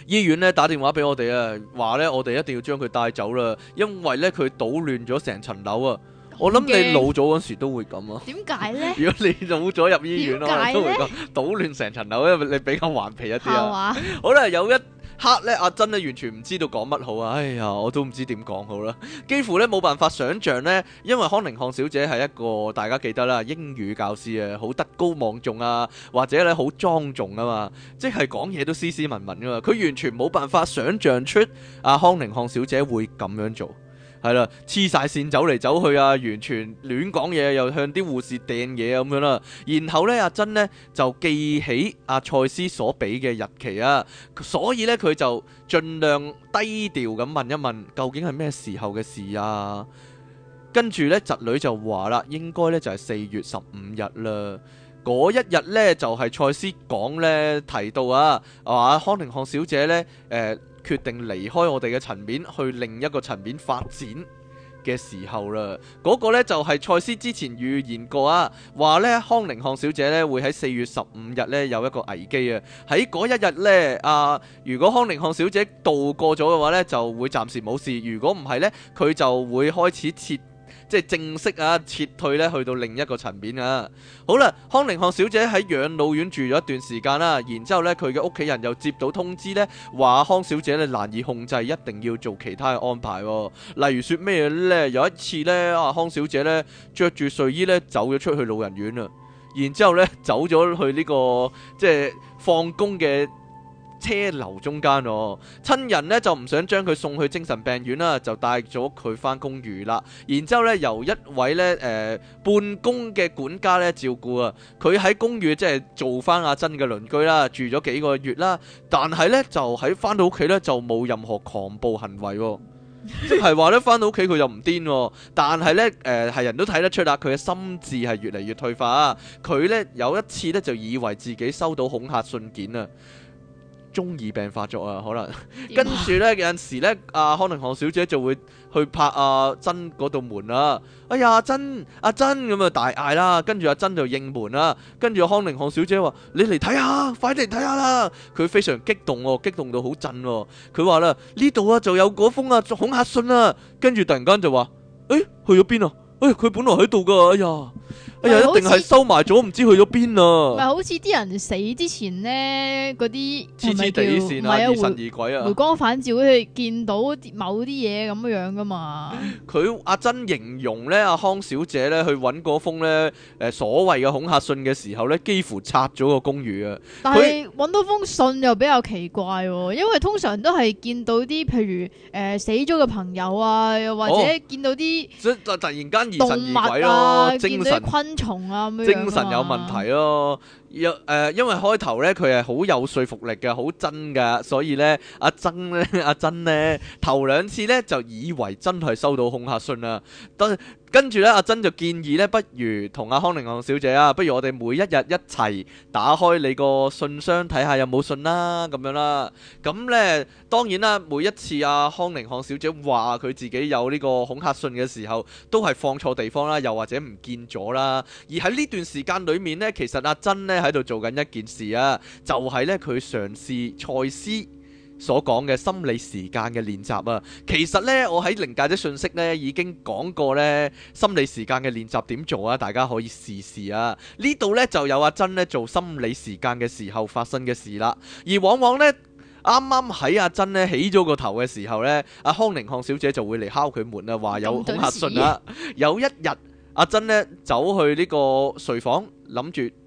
醫院咧打電話俾我哋啊，話咧我哋一定要將佢帶走啦，因為咧佢搗亂咗成層樓啊。我諗你老咗嗰時都會咁啊。點解咧？如果你老咗入醫院咯，都會講搗亂成層樓，因為你比較頑皮一啲啊。好啦，有一。黑咧，阿珍咧完全唔知道講乜好啊！哎呀，我都唔知點講好啦， 幾乎咧冇辦法想像呢，因為康寧漢小姐係一個大家記得啦，英語教師啊，好德高望重啊，或者咧好莊重啊嘛，即係講嘢都斯斯文文噶嘛，佢完全冇辦法想像出阿、啊、康寧漢小姐會咁樣做。係啦，黐曬線走嚟走去啊，完全亂講嘢，又向啲護士掟嘢啊咁樣啦。然後咧，阿珍咧就記起阿賽斯所俾嘅日期啊，所以咧佢就盡量低調咁問一問，究竟係咩時候嘅事啊？跟住咧侄女就話啦，應該咧就係四月十五日啦。嗰一日咧就係賽斯講咧提到啊，話康寧漢小姐咧誒。決定離開我哋嘅層面去另一個層面發展嘅時候啦，嗰、那個呢就係、是、賽斯之前預言過啊，話呢康寧漢小姐呢會喺四月十五日呢有一個危機啊，喺嗰一日呢，啊如果康寧漢小姐度過咗嘅話呢，就會暫時冇事；如果唔係呢，佢就會開始撤。即係正式啊，撤退咧，去到另一個層面啊。好啦，康寧漢小姐喺養老院住咗一段時間啦、啊，然之後咧，佢嘅屋企人又接到通知咧，話康小姐咧難以控制，一定要做其他嘅安排、啊，例如說咩嘢咧？有一次咧，啊康小姐咧着住睡衣咧走咗出去老人院啊，然之後咧走咗去呢、這個即係放工嘅。車流中間哦，親人呢就唔想將佢送去精神病院啦，就帶咗佢翻公寓啦。然之後咧，由一位呢誒、呃、半工嘅管家呢照顧啊。佢喺公寓即係做翻阿珍嘅鄰居啦，住咗幾個月啦。但係呢，就喺翻到屋企呢，就冇任何狂暴行為，即係話呢，翻到屋企佢就唔癲。但係呢，誒係人都睇得出啦，佢嘅心智係越嚟越退化。佢呢有一次呢，就以為自己收到恐嚇信件啊。中二病發作啊，可能、啊、跟住呢。有陣時咧，阿康寧漢小姐就會去拍阿珍嗰道門啦、啊。哎呀，珍，阿、啊、珍，咁啊大嗌啦，跟住阿珍就應門啦、啊。跟住康寧漢小姐話：你嚟睇下，快啲嚟睇下啦！佢非常激動、哦，激動到好震、哦。佢話啦：呢度啊就有嗰封啊恐嚇信啦、啊。跟住突然間就話：誒、欸，去咗邊啊？誒、欸，佢本來喺度㗎。哎呀！哎，一定係收埋咗，唔知去咗邊啊。唔係好似啲人死之前咧，嗰啲黐黐哋線啊，疑神疑鬼啊，回光返照，佢哋見到某啲嘢咁樣噶嘛。佢阿珍形容咧，阿康小姐咧去揾嗰封咧誒所謂嘅恐嚇信嘅時候咧，幾乎拆咗個公寓啊。但係揾到封信又比較奇怪，因為通常都係見到啲譬如誒死咗嘅朋友啊，又或者見到啲突然間疑神疑鬼咯，見到啲昆。精神有問題咯、啊。有誒，因為開頭呢，佢係好有說服力嘅，好真噶，所以呢，阿曾呢， 阿曾呢，頭兩次呢，就以為真係收到恐嚇信啦。跟住呢，阿曾就建議呢，不如同阿康寧漢小姐啊，不如我哋每一日一齊打開你個信箱睇下有冇信啦、啊，咁樣啦。咁呢，當然啦，每一次阿、啊、康寧漢小姐話佢自己有呢個恐嚇信嘅時候，都係放錯地方啦，又或者唔見咗啦。而喺呢段時間裏面呢，其實阿曾呢。喺度做緊一件事啊，就係呢，佢嘗試蔡司所講嘅心理時間嘅練習啊。其實呢，我喺靈界啲信息呢已經講過呢，心理時間嘅練習點做啊，大家可以試試啊。呢度呢就有阿珍呢做心理時間嘅時候發生嘅事啦。而往往呢，啱啱喺阿珍呢起咗個頭嘅時候呢，阿、啊、康寧漢小姐就會嚟敲佢門啊，話有恐嚇信啊。有一日，阿珍呢走去呢個睡房諗住。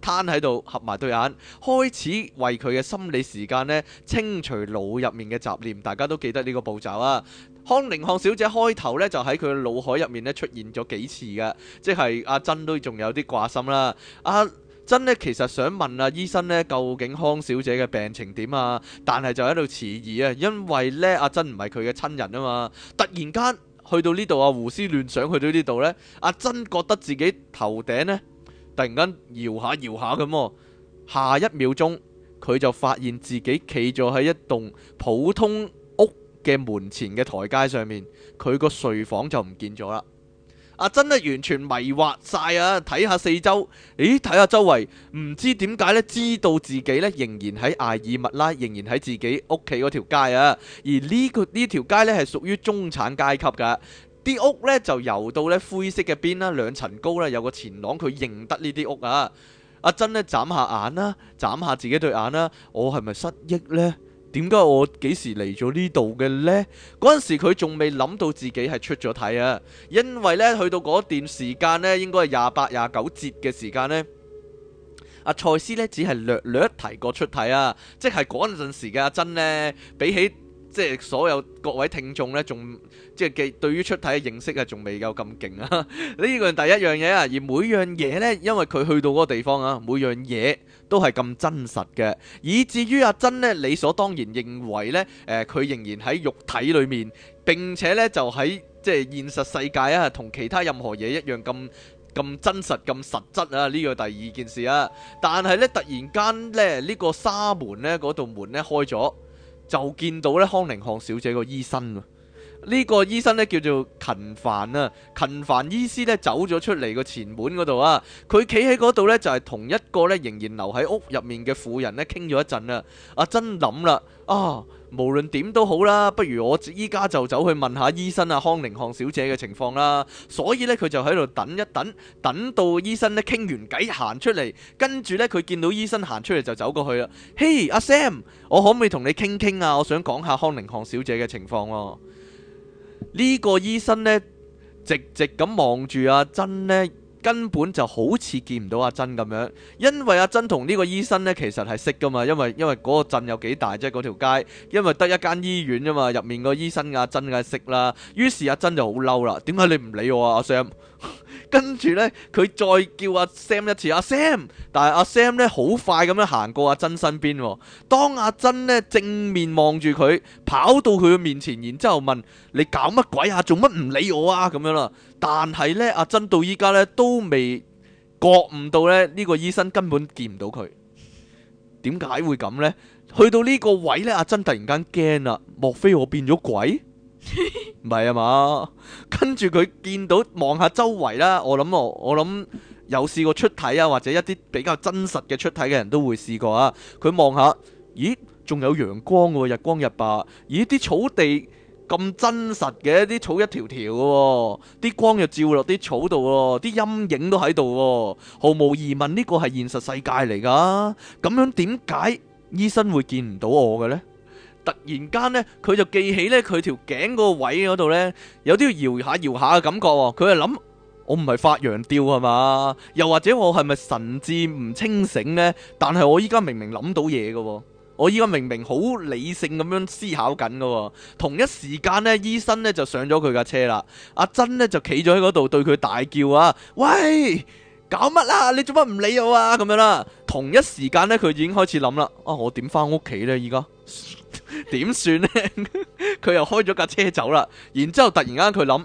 攤喺度合埋對眼，開始為佢嘅心理時間呢，清除腦入面嘅雜念。大家都記得呢個步驟啊！康寧漢小姐開頭呢，就喺佢嘅腦海入面呢，出現咗幾次㗎，即係阿珍都仲有啲掛心啦、啊。阿珍呢，其實想問阿、啊、醫生呢，究竟康小姐嘅病情點啊，但係就喺度遲疑啊，因為呢，阿珍唔係佢嘅親人啊嘛。突然間去到呢度啊，胡思亂想去到呢度呢，阿珍覺得自己頭頂呢。突然間搖下搖下咁，下一秒鐘佢就發現自己企咗喺一棟普通屋嘅門前嘅台階上面，佢個睡房就唔見咗啦。阿、啊、真係完全迷惑晒啊！睇下四周，咦？睇下周圍，唔知點解呢，知道自己呢仍然喺艾爾密拉，仍然喺自己屋企嗰條街啊。而呢、呢個呢條街呢，係屬於中產階級噶。啲屋呢就游到咧灰色嘅邊啦，兩層高啦，有個前廊，佢認得呢啲屋啊。阿珍呢，眨下眼啦、啊，眨下自己對眼啦、啊，我係咪失憶呢？點解我幾時嚟咗呢度嘅呢？嗰陣時佢仲未諗到自己係出咗體啊，因為呢，去到嗰段時間呢，應該係廿八廿九節嘅時間呢。阿蔡司呢，只係略略提過出體啊，即係嗰陣時嘅阿珍呢，比起。即係所有各位聽眾呢，仲即係記對於出體嘅認識啊，仲未夠咁勁啊！呢個係第一樣嘢啊，而每樣嘢呢，因為佢去到嗰個地方啊，每樣嘢都係咁真實嘅。以至於阿珍呢，理所當然認為呢，誒、呃、佢仍然喺肉體裏面，並且呢，就喺即係現實世界啊，同其他任何嘢一樣咁咁真實、咁實質啊。呢個第二件事啊，但係呢，突然間呢，呢、呢個沙門呢，嗰道門呢開咗。就見到咧康寧漢小姐個醫生。呢個醫生呢叫做勤帆啊，勤帆醫師呢走咗出嚟個前門嗰度啊。佢企喺嗰度呢就係、是、同一個呢仍然留喺屋入面嘅婦人呢傾咗一陣啊。阿珍諗啦，啊，無論點都好啦，不如我依家就走去問下醫生啊，康寧漢小姐嘅情況啦。所以呢，佢就喺度等一等，等到醫生呢傾完偈行出嚟，跟住呢，佢見到醫生行出嚟就走過去啦。嘿，阿、啊、Sam，我可唔可以同你傾傾啊？我想講下康寧漢小姐嘅情況喎、啊。呢個醫生呢，直直咁望住阿珍呢，根本就好似見唔到阿珍咁樣，因為阿珍同呢個醫生呢，其實係識噶嘛，因為，因為嗰個鎮有幾大啫，嗰條街，因為得一間醫院啫嘛，入面個醫生阿珍梗係識啦。於是阿珍就好嬲啦，點解你唔理我啊，阿 Sam？ 跟住呢，佢再叫阿 Sam 一次，阿 Sam，但係阿 Sam 呢，好快咁樣行過阿珍身邊。當阿珍呢，正面望住佢，跑到佢面前，然之後問：你搞乜鬼啊？做乜唔理我啊？咁樣啦。但係呢，阿珍到依家呢，都未覺悟到呢，呢個醫生根本見唔到佢。點解會咁呢？去到呢個位呢，阿珍突然間驚啦，莫非我變咗鬼？唔係啊嘛，跟住佢見到望下周圍啦，我諗我我諗有試過出體啊，或者一啲比較真實嘅出體嘅人都會試過啊。佢望下，咦，仲有陽光喎，日光日白，咦，啲草地咁真實嘅，啲草一條條嘅，啲光又照落啲草度，啲陰影都喺度，毫無疑問，呢個係現實世界嚟噶。咁樣點解醫生會見唔到我嘅呢？突然間呢，佢就記起呢，佢條頸嗰個位嗰度呢，有啲搖下搖下嘅感覺、哦。佢就諗，我唔係發羊吊係嘛？又或者我係咪神志唔清醒呢？但係我依家明明諗到嘢嘅、哦，我依家明明好理性咁樣思考緊嘅、哦。同一時間呢，醫生呢就上咗佢架車啦。阿珍呢就企咗喺嗰度對佢大叫啊！喂，搞乜啦、啊？你做乜唔理我啊？咁樣啦。同一時間呢，佢已經開始諗啦。啊，我點翻屋企呢？依家。點算呢？佢 又開咗架車走啦，然之後突然間佢諗，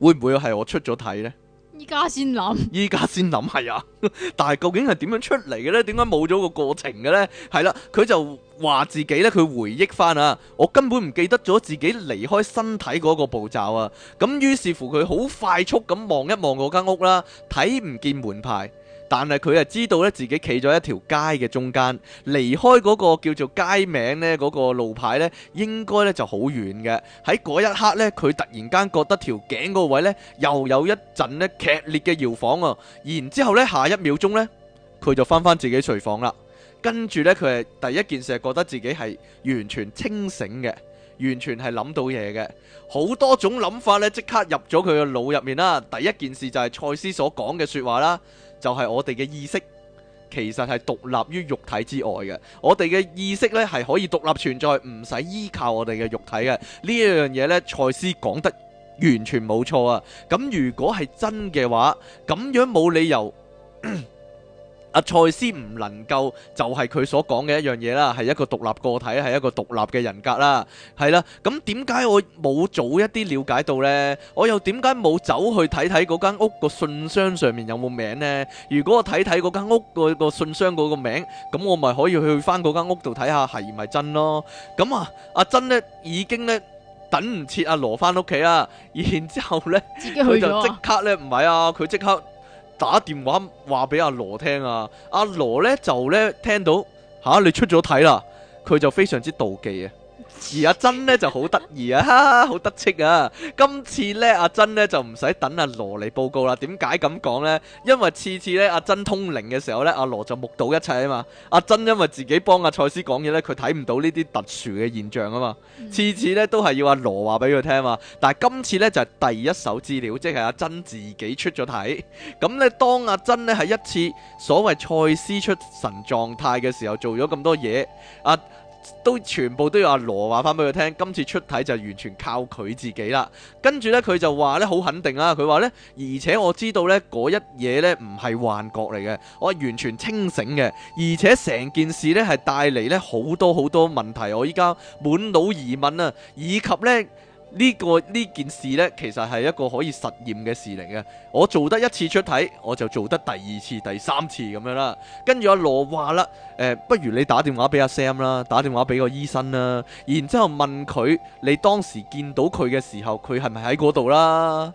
會唔會係我出咗體呢？依家先諗，依家先諗係啊！ 但係究竟係點樣出嚟嘅呢？點解冇咗個過程嘅呢？係 啦、啊，佢就話自己呢，佢回憶翻啊，我根本唔記得咗自己離開身體嗰個步驟啊！咁於是乎，佢好快速咁望一望嗰間屋啦，睇唔見門牌。但係佢係知道咧自己企咗一條街嘅中間，離開嗰個叫做街名呢嗰個路牌呢應該咧就好遠嘅。喺嗰一刻呢，佢突然間覺得條頸嗰位呢又有一陣咧劇烈嘅搖晃啊！然之後咧，下一秒鐘呢，佢就翻翻自己睡房啦。跟住呢，佢係第一件事係覺得自己係完全清醒嘅，完全係諗到嘢嘅，好多種諗法呢即刻入咗佢嘅腦入面啦。第一件事就係賽斯所講嘅說話啦。就係我哋嘅意識，其實係獨立於肉體之外嘅。我哋嘅意識咧係可以獨立存在，唔使依靠我哋嘅肉體嘅。呢一樣嘢咧，賽斯講得完全冇錯啊！咁如果係真嘅話，咁樣冇理由。 阿塞斯唔能夠就係佢所講嘅一樣嘢啦，係一個獨立個體，係一個獨立嘅人格啦，係啦。咁點解我冇早一啲瞭解到咧？我又點解冇走去睇睇嗰間屋個信箱上面有冇名咧？如果我睇睇嗰間屋個個信箱嗰個名，咁我咪可以去翻嗰間屋度睇下係咪真咯？咁啊，阿珍咧已經咧等唔切阿羅翻屋企啦，然之後咧佢就即刻咧唔係啊，佢即刻。打電話話俾阿羅聽啊，阿羅咧就咧聽到吓，你出咗體啦，佢就非常之妒忌啊。而阿珍呢 就好得意啊，哈哈，好得戚啊！今次呢，阿珍呢就唔使等阿羅嚟報告啦。點解咁講呢？因為次次呢，阿珍通靈嘅時候呢，阿羅就目睹一切啊嘛。阿珍因為自己幫阿賽斯講嘢呢，佢睇唔到呢啲特殊嘅現象啊嘛。次、嗯、次呢都係要阿羅話俾佢聽啊嘛。但係今次呢，就係、是、第一手資料，即係阿珍自己出咗睇。咁呢，當阿珍呢係一次所謂賽斯出神狀態嘅時候做，做咗咁多嘢，啊。都全部都要阿羅話翻俾佢聽，今次出體就完全靠佢自己啦。跟住呢，佢就話呢：「好肯定啦、啊，佢話呢：「而且我知道呢嗰一嘢，呢唔係幻覺嚟嘅，我係完全清醒嘅，而且成件事呢係帶嚟呢好多好多問題，我依家滿腦疑問啊，以及呢。呢、這個呢件事呢，其實係一個可以實驗嘅事嚟嘅。我做得一次出體，我就做得第二次、第三次咁樣啦。跟住阿羅話啦，誒，不如你打電話俾阿 Sam 啦，打電話俾個醫生啦，然之後問佢你當時見到佢嘅時候，佢係咪喺嗰度啦？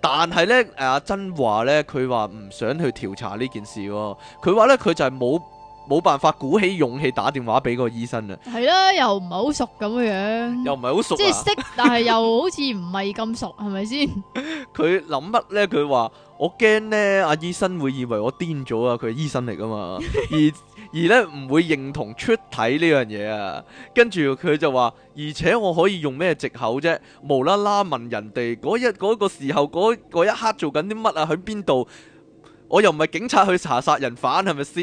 但係呢，阿珍話呢，佢話唔想去調查呢件事喎。佢話呢，佢就係冇。冇辦法鼓起勇氣打電話俾個醫生啊，係啊，又唔係好熟咁樣，又唔係好熟，即係識，但係又好似唔係咁熟，係咪先？佢諗乜咧？佢話，我驚咧，阿醫生會以為我癲咗啊！佢係醫生嚟噶嘛，而而咧唔會認同出體呢樣嘢啊！跟住佢就話，而且我可以用咩藉口啫？無啦啦問人哋嗰日嗰個時候嗰一刻做緊啲乜啊？喺邊度？我又唔係警察去查殺人犯係咪先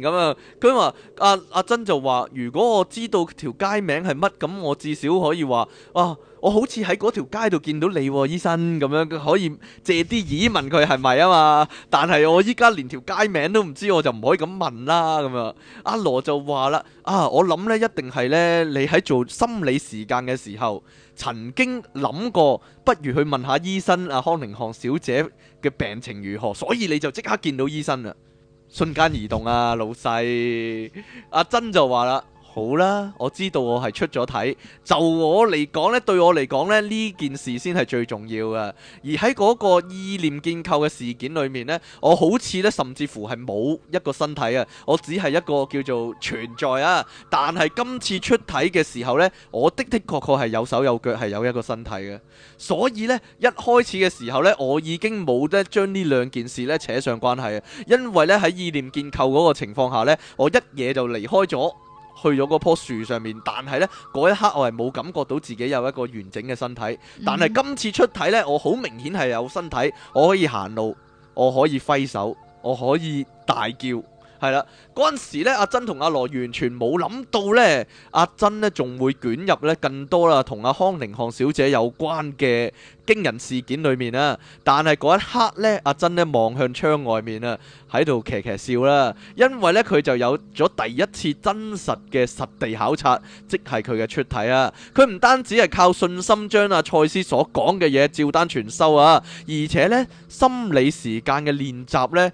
咁啊？佢話阿阿珍就話如果我知道條街名係乜咁，我至少可以話啊，我好似喺嗰條街度見到你，啊，醫生咁樣，佢可以借啲耳問佢係咪啊嘛？但係我依家連條街名都唔知，我就唔可以咁問啦咁啊羅。阿羅就話啦啊，我諗呢一定係呢，你喺做心理時間嘅時候。曾經諗過，不如去問下醫生啊，康寧漢小姐嘅病情如何，所以你就即刻見到醫生啦，瞬間移動啊，老細，阿、啊、珍就話啦。好啦，我知道我係出咗體，就我嚟講呢，對我嚟講咧，呢件事先係最重要㗎。而喺嗰個意念建構嘅事件裏面呢，我好似呢，甚至乎係冇一個身體啊，我只係一個叫做存在啊。但係今次出體嘅時候呢，我的的確確係有手有腳，係有一個身體嘅。所以呢，一開始嘅時候呢，我已經冇得將呢兩件事呢扯上關係啊，因為呢，喺意念建構嗰個情況下呢，我一嘢就離開咗。去咗嗰棵樹上面，但係呢嗰一刻我係冇感覺到自己有一個完整嘅身體，但係今次出體呢，我好明顯係有身體，我可以行路，我可以揮手，我可以大叫。係啦，嗰陣時咧，阿珍同阿羅完全冇諗到呢，阿珍咧仲會捲入咧更多啦，同阿康寧漢小姐有關嘅驚人事件裏面啦。但係嗰一刻呢，阿珍咧望向窗外面啊，喺度騎騎笑啦，因為咧佢就有咗第一次真實嘅實地考察，即係佢嘅出體啊。佢唔單止係靠信心將阿賽斯所講嘅嘢照單全收啊，而且咧心理時間嘅練習咧，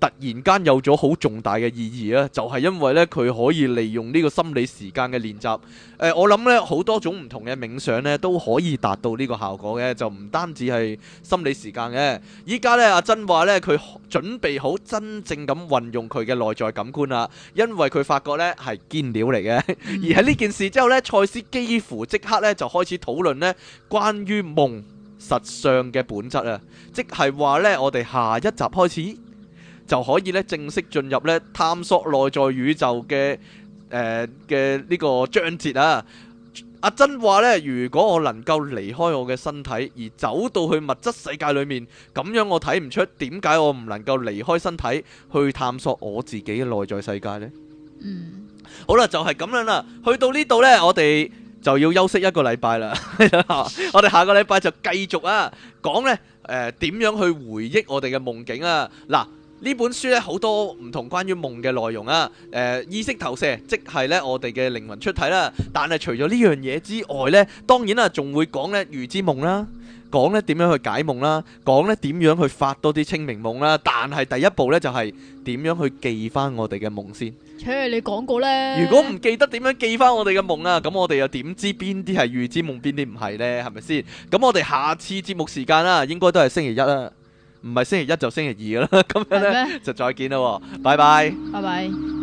突然間有咗好重大嘅意義啊！就係因為呢，佢可以利用呢個心理時間嘅練習。誒、呃，我諗呢，好多種唔同嘅冥想呢都可以達到呢個效果嘅，就唔單止係心理時間嘅。依家呢，阿珍話呢，佢準備好真正咁運用佢嘅內在感官啦，因為佢發覺呢係堅料嚟嘅。 而喺呢件事之後呢，賽斯幾乎即刻呢，就開始討論呢關於夢實相嘅本質啊，即係話呢，我哋下一集開始。就可以咧正式進入咧探索內在宇宙嘅，誒嘅呢個章節啊。阿珍話咧，如果我能夠離開我嘅身體而走到去物質世界裏面，咁樣我睇唔出點解我唔能夠離開身體去探索我自己嘅內在世界咧？嗯，好啦，就係、是、咁樣啦。去到呢度呢，我哋就要休息一個禮拜啦。 我哋下個禮拜就繼續啊，講呢誒、點、呃、樣去回憶我哋嘅夢境啊？嗱。呢本書咧好多唔同關於夢嘅內容啊！誒意識投射，即係咧我哋嘅靈魂出體啦。但係除咗呢樣嘢之外咧，當然啦，仲會講咧預知夢啦，講咧點樣去解夢啦，講咧點樣去發多啲清明夢啦。但係第一步咧就係點樣去記翻我哋嘅夢先。切，你講過咧。如果唔記得點樣記翻我哋嘅夢啦，咁我哋又點知邊啲係預知夢，邊啲唔係咧？係咪先？咁我哋下次節目時間啦，應該都係星期一啦。唔係星期一就星期二啦，咁樣咧就再見啦，拜拜，拜拜。